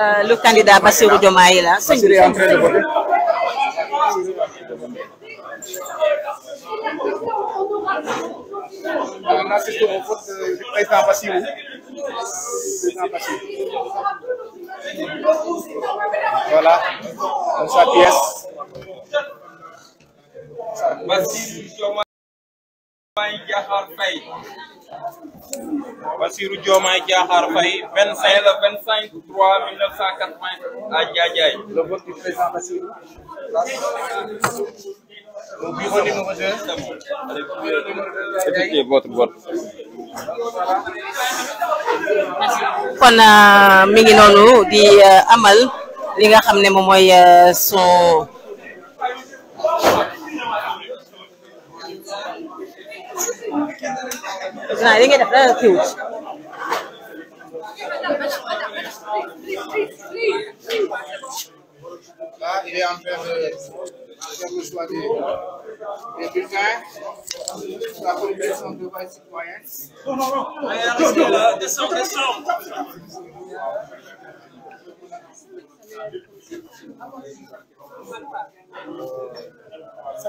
Euh, le candidat Bassirou Diomaye là. Bassirou est en train de voter. On assiste au vote euh, du président Bassirou. Président Bassirou. Voilà, dans sa pièce. Bassirou Diomaye Diakhar Faye. Bassirou Diomaye Diakhar Faye 25 le 25 3 1980 à Ndiadiaye. le vote du président Bassirou. au bureau numéro 2. Effectuez votre vote. Euh, mi ngi noonu di euh, amal li nga xam ne moom mooy euh, son. Nah, ini kita dapat huge. ये हम पे मुश्वादी ये build है आपको replace on the bias points no no no I am this song this song c'est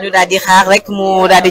ñu daal di xaar rek mu daal di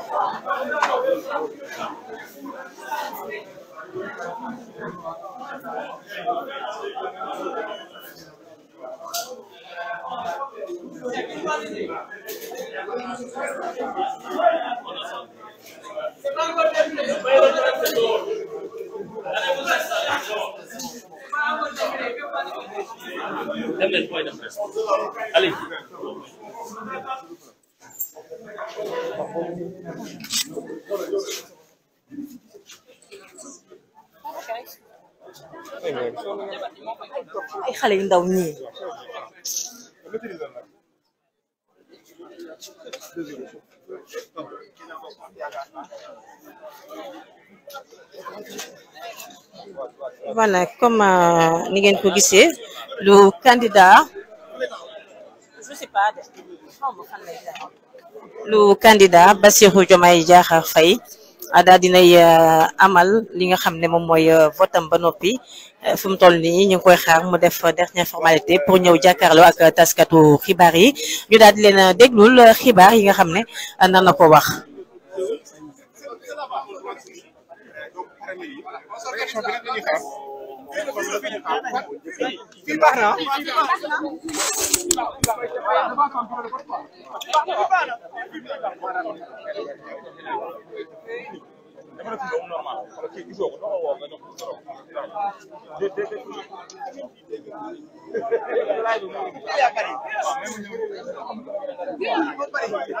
Allez. ay xale yu ndaw ñii voilà comme euh, ni ngeen ko gisee le candidat je sais pas le candidat Ah, daal dina dinay eh, amal li nga xam ne moom mooy eh, votam ba noppi eh, fi mu toll nii ñu koy xaar mu def dernière formalité pour ñëw jàkkaarloo ak taskatu xibaar yi ñu daal di leen déglul xibaar yi nga xam ne nan na ko wax. fii baax na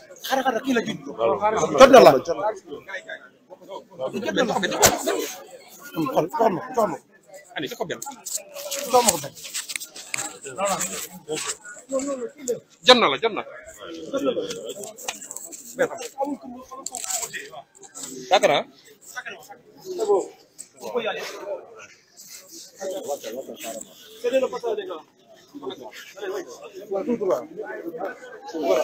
xaaral xaaral kii la jot jot na la jot na la xool jox ma jox ma ani jox ko benn jox ma ko benn jot na la jot na sakara Voilà.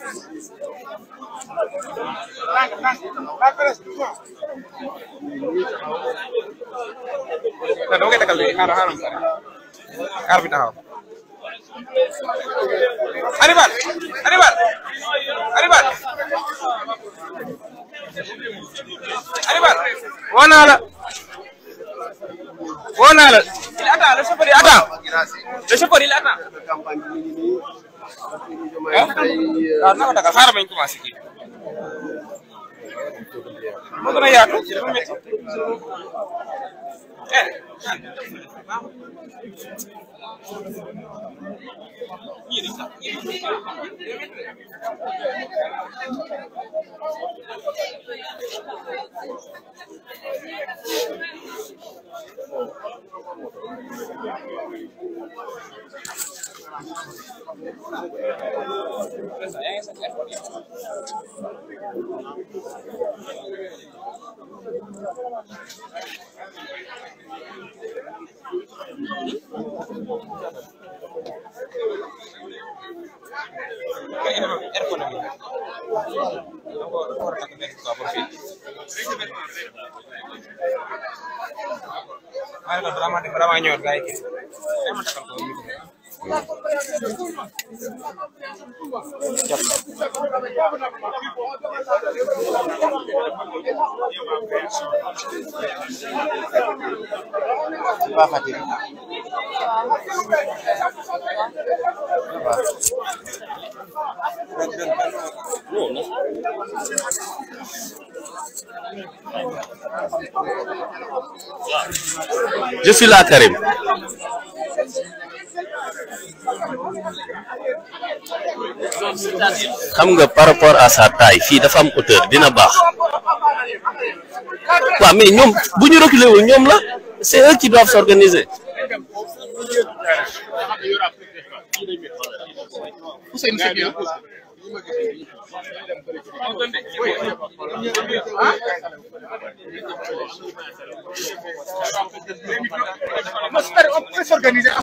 xaaral xaaral xaar bi taxaw Hannibal Hannibal Hannibal Hannibal woo naa la woo naa la il attend le chauffeur il attend le chauffeur il attend ah waaw naka la xaaral ma ñu commencé kii moo gën a yaatu dafa métti Ayo, drama di drama nyot, guys. Saya mau tekan Pas fatigué. Je suis là, Karim. xam nga par rapport à sa taille fii dafa am hauteur dina baax waaw mais ñoom bu ñu reculer wul ñoom la c'est eux qui doivent s'organiser.